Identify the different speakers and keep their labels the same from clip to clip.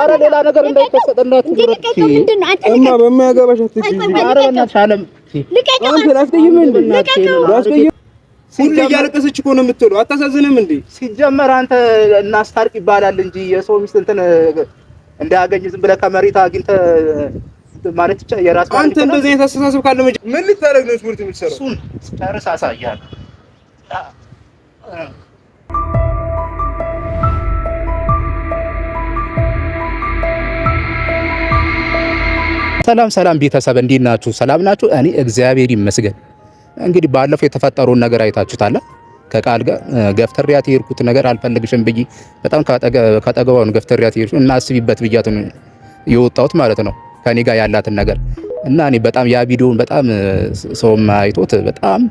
Speaker 1: አረ ሌላ ነገር እንዳይከሰት እናት እማ በማያገባሽ ሁሌ እያለቀሰች እኮ ነው የምትውለው። አታሳዝንም እንዴ?
Speaker 2: ሲጀመር አንተ እናስታርቅ ይባላል እንጂ የሰው ሚስት እንትን እንዳያገኝ ዝም ብለህ ከመሬት አግኝተህ ማለት ብቻ የራስ
Speaker 1: አንተ እንደዚህ አይነት አስተሳሰብ ካለ ምን ልታደርግ ነው? ትምህርት የምትሰራው
Speaker 2: እሱን ጨርስ አሳያለሁ። ሰላም ሰላም ቤተሰብ እንዴት ናችሁ? ሰላም ናችሁ? እኔ እግዚአብሔር ይመስገን። እንግዲህ ባለፈው የተፈጠረውን ነገር አይታችሁታል። ከቃል ጋር ገፍትሪያት የሄድኩት ነገር አልፈልግሽም ብዬ በጣም ከጠገባውን ገፍትሪያት የሄድኩት እና አስቢበት ብያት የወጣሁት ማለት ነው ከኔ ጋር ያላትን ነገር እና እኔ በጣም ያ ቪዲዮውን በጣም ሰውም አይቶት በጣም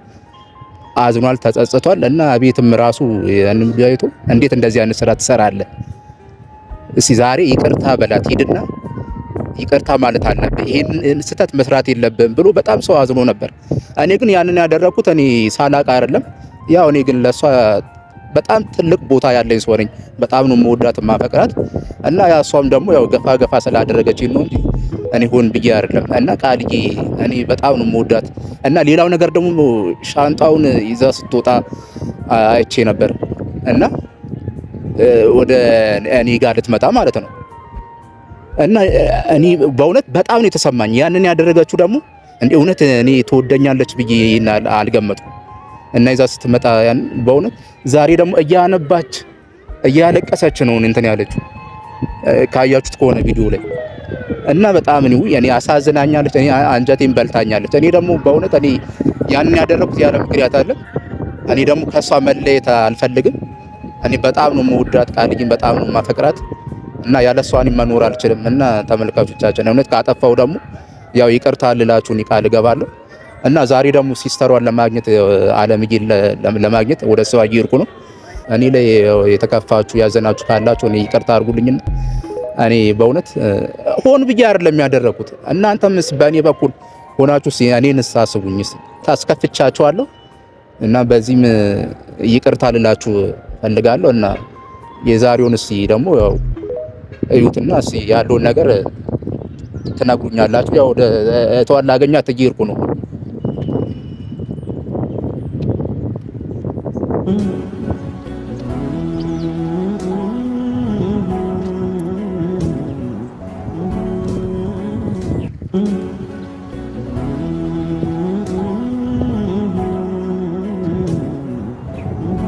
Speaker 2: አዝኗል፣ ተጸጽቷል። እና ቤትም ራሱ ያንም ቢያይቶ እንዴት እንደዚህ አይነት ስራ ትሰራለህ? እስኪ ዛሬ ይቅርታ በላት ሂድና ይቅርታ ማለት አለብህ፣ ይህን ስህተት መስራት የለብህም ብሎ በጣም ሰው አዝኖ ነበር። እኔ ግን ያንን ያደረኩት እኔ ሳላቅ አይደለም። ያው እኔ ግን ለእሷ በጣም ትልቅ ቦታ ያለኝ ሰው ነኝ። በጣም ነው መወዳት ማፈቅራት እና ያ እሷም ደግሞ ያው ገፋ ገፋ ስላደረገች ነው እንጂ እኔ ሆን ብዬ አይደለም። እና ቃልዬ እኔ በጣም ነው መወዳት እና ሌላው ነገር ደግሞ ሻንጣውን ይዛ ስትወጣ አይቼ ነበር እና ወደ እኔ ጋር ልትመጣ ማለት ነው እና እኔ በእውነት በጣም ነው የተሰማኝ። ያንን ያደረገችው ደግሞ እንደ እውነት እኔ ትወደኛለች ብዬ አልገመጥኩም። እና ይዛ ስትመጣ ያን በእውነት ዛሬ ደግሞ እያነባች እያለቀሰች ነው እንትን ያለችው ካያችሁት ከሆነ ቪዲዮ ላይ እና በጣም ነው ያኔ አሳዝናኛለች። እኔ አንጀቴን በልታኛለች። እኔ ደግሞ በእውነት እኔ ያንን ያደረኩት ያለ ምክንያት አለ። እኔ ደግሞ ከሷ መለየት አልፈልግም። እኔ በጣም ነው የምወዳት ቃልኝ፣ በጣም ነው የማፈቅራት እና ያለሷ እኔም መኖር አልችልም። እና ተመልካቾቻችን እውነት ካጠፋው ደግሞ ያው ይቅርታ ልላችሁን ቃል እገባለሁ። እና ዛሬ ደግሞ ሲስተሯን ለማግኘት አለምዬ ለማግኘት ወደ ሰው እየሄድኩ ነው። እኔ ላይ የተከፋችሁ ያዘናችሁ ካላችሁ እኔ ይቅርታ አድርጉልኝና እኔ በእውነት ሆን ብዬ አይደለም ያደረኩት። እናንተምስ በእኔ በኩል ሆናችሁ እኔንስ አስቡኝስ ታስከፍቻችኋለሁ። እና በዚህም ይቅርታ ልላችሁ ፈልጋለሁ እና የዛሬውን እስኪ ደግሞ እዩትና እስ ያለውን ነገር ትነግሩኛላችሁ። ያው ተዋላ ገኛ እየሄድኩ ነው።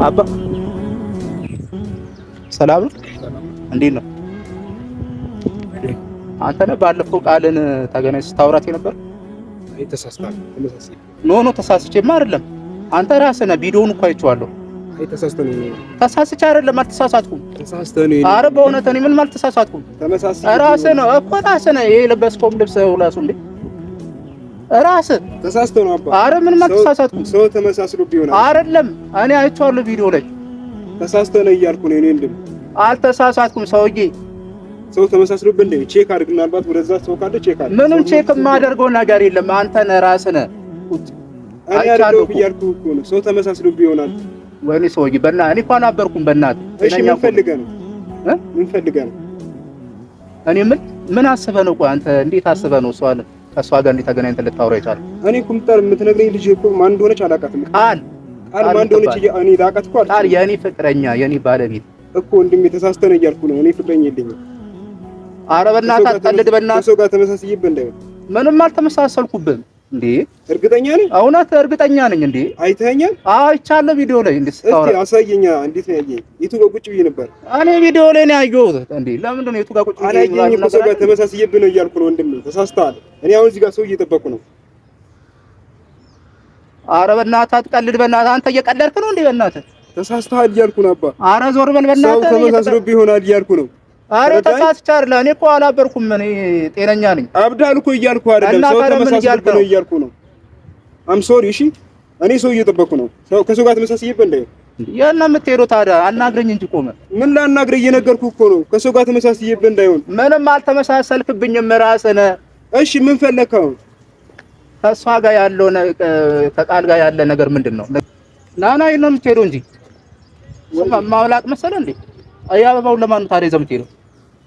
Speaker 1: አባ ሰላም ነው። እንዴት ነው?
Speaker 2: አንተ ነህ ባለፈው ቃልን ተገናኝ ስታውራት የነበር ኖ ኖ ተሳስቼማ አይደለም። አንተ ራስህ ነህ። ቪዲዮውን እኮ አይቼዋለሁ። ተሳስቼ አይደለም፣ አልተሳሳትኩም። ኧረ በእውነት እኔ ምንም አልተሳሳትኩም። ራስህ ነው እኮ ራስህ ነህ። ይሄ የለበስከውም ልብስ ሁላሱ እንዴ ነው አባ። አረ ምን አልተሳሳትኩም።
Speaker 1: ሰው ተመሳስሎ ቢሆን
Speaker 2: አይደለም። እኔ አይቼዋለሁ ቪዲዮ ላይ
Speaker 1: ተሳስተ ነው እያልኩ ነው። እኔ
Speaker 2: አልተሳሳትኩም ሰውዬ
Speaker 1: ሰው ተመሳስሎብን ነው። ቼክ አድርግ፣ ምናልባት ወደዛ ሰው ካለ ቼክ አድርግ።
Speaker 2: ምንም ቼክ የማደርገው ነገር የለም። አንተ ነህ ራስህ ነህ።
Speaker 1: እኔ አይደለሁም እኮ ነው። ሰው ተመሳስሎብ ይሆናል።
Speaker 2: ወይኔ ሰውዬ፣ በእናትህ እኔ እኮ አልነበርኩም። በእናትህ
Speaker 1: እሺ፣ ምን ፈልገህ ነው? ምን ፈልገህ ነው?
Speaker 2: እኔ ምን ምን አስበህ ነው? ቆይ አንተ እንዴት አስበህ ነው? እሷን ከእሷ ጋር እንዴት ተገናኝተህ ልታወራ ይቻል?
Speaker 1: እኔ ኩምጣር የምትነግረኝ ልጅ እኮ ማን እንደሆነች አላውቃትም። ቃል ቃል ማን እንደሆነች እኔ ላውቃት እኮ አልኩህ።
Speaker 2: ቃል የእኔ ፍቅረኛ የእኔ ባለቤት
Speaker 1: እኮ ወንድሜ፣ ተሳስተህ ነው እያልኩህ ነው። እኔ ፍቅረኛ የለኝም
Speaker 2: ኧረ በእናትህ አትቀልድ። በእናትህ
Speaker 1: ሰው ጋር ተመሳስይብህ እንዳይሆን።
Speaker 2: ምንም አልተመሳሰልኩብህም እንዴ። እርግጠኛ ነኝ፣ እውነት እርግጠኛ ነኝ። እንዴ አይተኸኛል? አይቻለሁ ቪዲዮ ላይ። እንዴ
Speaker 1: ስታወራ። እስቲ አሳየኛ። እንዴት ነው ያየኸኝ? የቱ ጋር ቁጭ ብዬ ነበር?
Speaker 2: እኔ ቪዲዮ ላይ ነው ያየሁት። እንዴ ለምንድን ነው የቱ ጋር ቁጭ ብዬ
Speaker 1: ነበር? አላየኸኝም። ሰው ጋር ተመሳስይብህ ነው እያልኩ ነው ወንድሜ። ተሳስተሃል። እኔ አሁን እዚህ ጋር ሰው እየጠበኩ ነው።
Speaker 2: ኧረ በእናትህ አትቀልድ። በእናትህ አንተ እየቀለድክ ነው እንዴ? በእናትህ
Speaker 1: ተሳስተሃል እያልኩ ነው አባ።
Speaker 2: አረ ዞር በል በእናትህ።
Speaker 1: ሰው ተመሳስሎብህ ይሆናል እያልኩ ነው
Speaker 2: አሬ ተሳስቼ አይደለ? እኔ እኮ አላበርኩም። እኔ ጤነኛ ነኝ።
Speaker 1: አብዳል እኮ እያልኩ አይደለም። ሰው ተመሳስልኩ ነው እያልኩ ነው። አም ሶሪ። እሺ፣ እኔ ሰው እየጠበኩ ነው። ሰው ከሰው ጋር ተመሳስይበ እንደ
Speaker 2: የት ነው የምትሄደው ታዲያ? አናግረኝ እንጂ ቆመ።
Speaker 1: ምን ላናግረኝ? እየነገርኩ እኮ ነው። ከሰው ጋር ተመሳስይበ ይሁን።
Speaker 2: ምንም አልተመሳሰልክብኝም። ራስህ
Speaker 1: እሺ፣ ምን ፈለከው?
Speaker 2: ከእሷ ጋር ያለው ከቃል ጋር ያለ ነገር ምንድን ነው? ናና የት ነው የምትሄደው እንጂ ማውላቅ መሰለህ እንዴ? የአበባውን ለማን ነው ታዲያ ዘምቴ ነው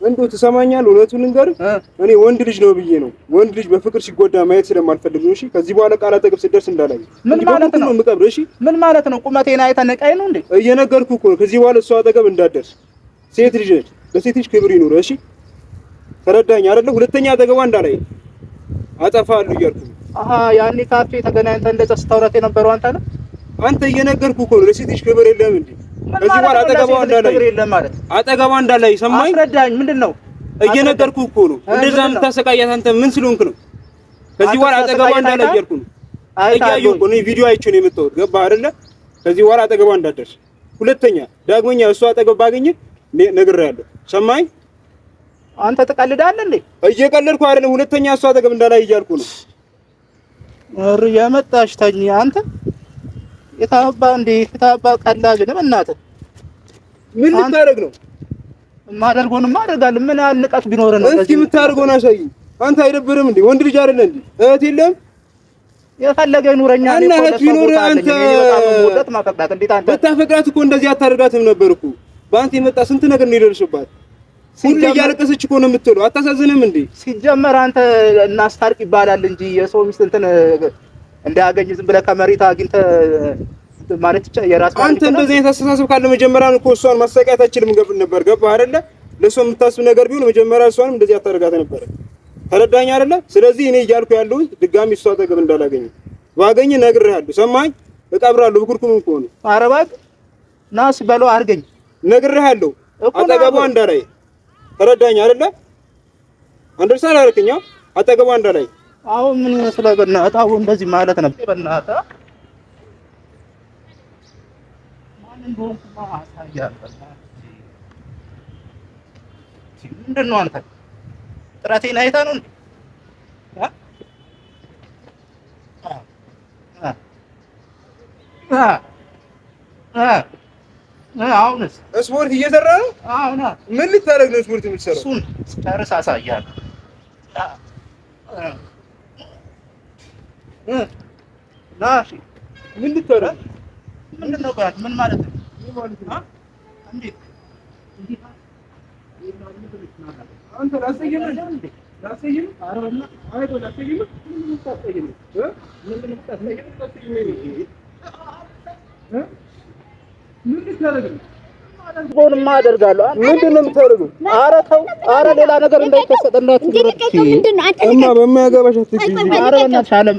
Speaker 1: እንዴ ትሰማኛል? እውነቱን ልንገርህ፣ እኔ ወንድ ልጅ ነው ብዬ ነው። ወንድ ልጅ በፍቅር ሲጎዳ ማየት ስለማልፈልግ ነው። እሺ፣ ከዚህ በኋላ ቃል አጠገብ ስደርስ እንዳላይ።
Speaker 2: ምን ማለት ነው የምቀብር? እሺ፣ ምን ማለት ነው? ቁመቴን አይተህ ነቃይ ነው እንዴ?
Speaker 1: እየነገርኩህ እኮ ነው። ከዚህ በኋላ እሷ አጠገብ እንዳደርስ። ሴት ልጅ ነች፣ ለሴት ልጅ ክብር ይኑርህ። እሺ፣ ተረዳኝ አይደለ? ሁለተኛ አጠገቧ እንዳላይ፣ አጠፋሉ እያልኩህ።
Speaker 2: አሀ ያኔ ካፌ ተገናኝተን እንደዛ ስታውራት የነበረው አንተ ነህ።
Speaker 1: አንተ እየነገርኩህ እኮ ነው። ለሴት ልጅ ክብር የለም እንዴ? እዚህ በኋላ አጠገቧ እንዳላይ አጠገቧ እንዳላይ ሰማኝ።
Speaker 2: አስረዳኝ። ምንድን ነው
Speaker 1: እየነገርኩህ እኮ ነው። እንደዛ የምታሰቃያት አንተ ምን ስለሆንክ ነው? ከዚህ በኋላ አጠገቧ እንዳላይ እያልኩ ነው። እያየሁ እኮ ነው፣ ቪዲዮ አይቼ ነው የመጣሁት። ገባህ አይደለ? ከዚህ በኋላ አጠገቧ እንዳትደርስ። ሁለተኛ ዳግመኛ እሱ አጠገብ ባገኘህ ነግሬሃለሁ። ሰማኝ።
Speaker 2: አንተ ትቀልዳለህ እንዴ?
Speaker 1: እየቀለድኩ አይደለም። ሁለተኛ እሱ አጠገብ እንዳላይ እያልኩ ነው።
Speaker 2: ኧረ ያመጣሽ ታኝ አንተ የታባ እንዴ የታባ ቀላጅ ለምናተ
Speaker 1: ምን ልታደርግ ነው?
Speaker 2: የማደርገውንማ አደርጋለሁ። ምን ያህል ንቀት ቢኖር
Speaker 1: ነው? እስኪ የምታደርገውን አሳይኝ። አንተ አይደብርም እንዴ? ወንድ ልጅ አይደለ እንዴ? እህት የለም?
Speaker 2: የፈለገ ይኑረኛ
Speaker 1: እና እህት ቢኖር አንተ ብታፈቅራት እኮ እንደዚህ አታደርጋትም ነበር እኮ። በአንተ የመጣ ስንት ነገር ነው የደረሰባት። ሁሌ እያለቀሰች እኮ ነው የምትለው። አታሳዝንም እንዴ?
Speaker 2: ሲጀመር አንተ እናስታርቅ ይባላል እንጂ የሰው ሚስት እንትን እንዳያገኝ ዝም ብለህ ከመሬት አግኝተህ ማለት ብቻ የራስ
Speaker 1: አንተ እንደዚህ አይነት አስተሳሰብ ካለ መጀመሪያ እኮ እሷን ማሰቃየት አችልም ነበር። ገባህ አይደለ? ለእሷ የምታስብ ነገር ቢሆን መጀመሪያ እሷንም እንደዚህ አታደርጋት ነበረ። ተረዳኝ አይደለ? ስለዚህ እኔ እያልኩ ያለው ድጋሚ እሷ አጠገብ እንዳላገኝ ባገኝ ነግሬሃለሁ። ሰማኝ? እቀብራለሁ። ብኩርኩም እኮ ነው።
Speaker 2: ኧረ እባክህ ናስ በለው አድርገኝ።
Speaker 1: ነግሬሃለሁ። አጠገቧ እንዳላይ። ተረዳኝ አይደለ? አንደርሳል አደረክኛ? አጠገቧ እንዳላይ
Speaker 2: አሁን ምን ይመስላል? በእናትህ አሁን እንደዚህ ማለት ነበር። በእናትህ ማን እንደሆንኩማ አሳያለሁ። በእናትህ ምንድን ነው አንተ ጥረቴን አይተህ ነው አሁንስ
Speaker 1: ስፖርት እየሰራ ነው። አሁን ምን ልታደርግ ነው? ስፖርት የምትሰራው
Speaker 2: እሱን ጨርስ፣ አሳያለሁ ምንድነው ምን ነው? ምን ማለት ነው? እንዴት
Speaker 1: አንተ ምን ምን ምን ነው?
Speaker 2: ሆንማ አደርጋለሁ።
Speaker 1: ምንድን ነው የምታደርገው?
Speaker 2: ኧረ ተው፣ ኧረ ሌላ ነገር እንዳይከሰት
Speaker 3: እማ
Speaker 1: በማያገባሽ አትግቢ።
Speaker 2: ኧረ በእናትሽ አለም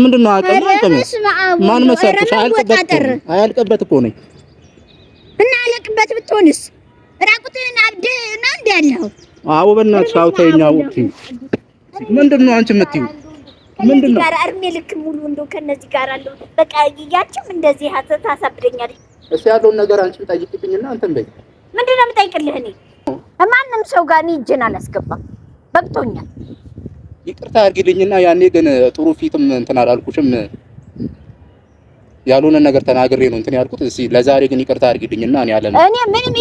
Speaker 2: ምንድን ነው አቀም አቀም ማን አያልቅበት እኮ ነኝ
Speaker 3: እና አያልቅበት ብትሆንስ እንደ
Speaker 2: አዎ በእናትሽ ምንድን ነው አንቺ የምትይው
Speaker 3: ምንድን ነው? ልክ ሙሉ እንደው ከነዚህ ጋር አለው በቃ እንደዚህ
Speaker 1: ያለውን ነገር አንቺ ጠይቂብኝና አንተም በይ።
Speaker 3: ምንድን ነው የምጠይቅልህ? እኔ ማንም ሰው ጋር እኔ እጄን አላስገባም። በቅቶኛል።
Speaker 1: ይቅርታ አድርጊልኝና ያኔ ግን ጥሩ ፊትም እንትን አላልኩሽም ያልሆነ ነገር ተናግሬ ነው እንትን ያልኩት። እስኪ ለዛሬ ግን ይቅርታ አድርጊልኝና እኔ አለ
Speaker 3: እኔ ምንም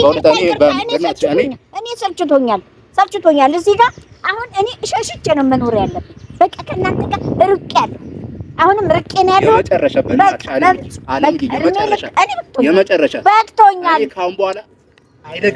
Speaker 3: እኔ ሰልችቶኛል ሰልችቶኛል። እዚህ ጋር አሁን እኔ ሸሽቼ ነው መኖር ያለብኝ። በቃ ከእናንተ ጋር ርቄ ያለሁ አሁንም ርቄ ነው
Speaker 1: ያለው። የመጨረሻ በእናትሽ አለ አለ የመጨረሻ የመጨረሻ በቅቶኛል። ከአሁን በኋላ አይደግ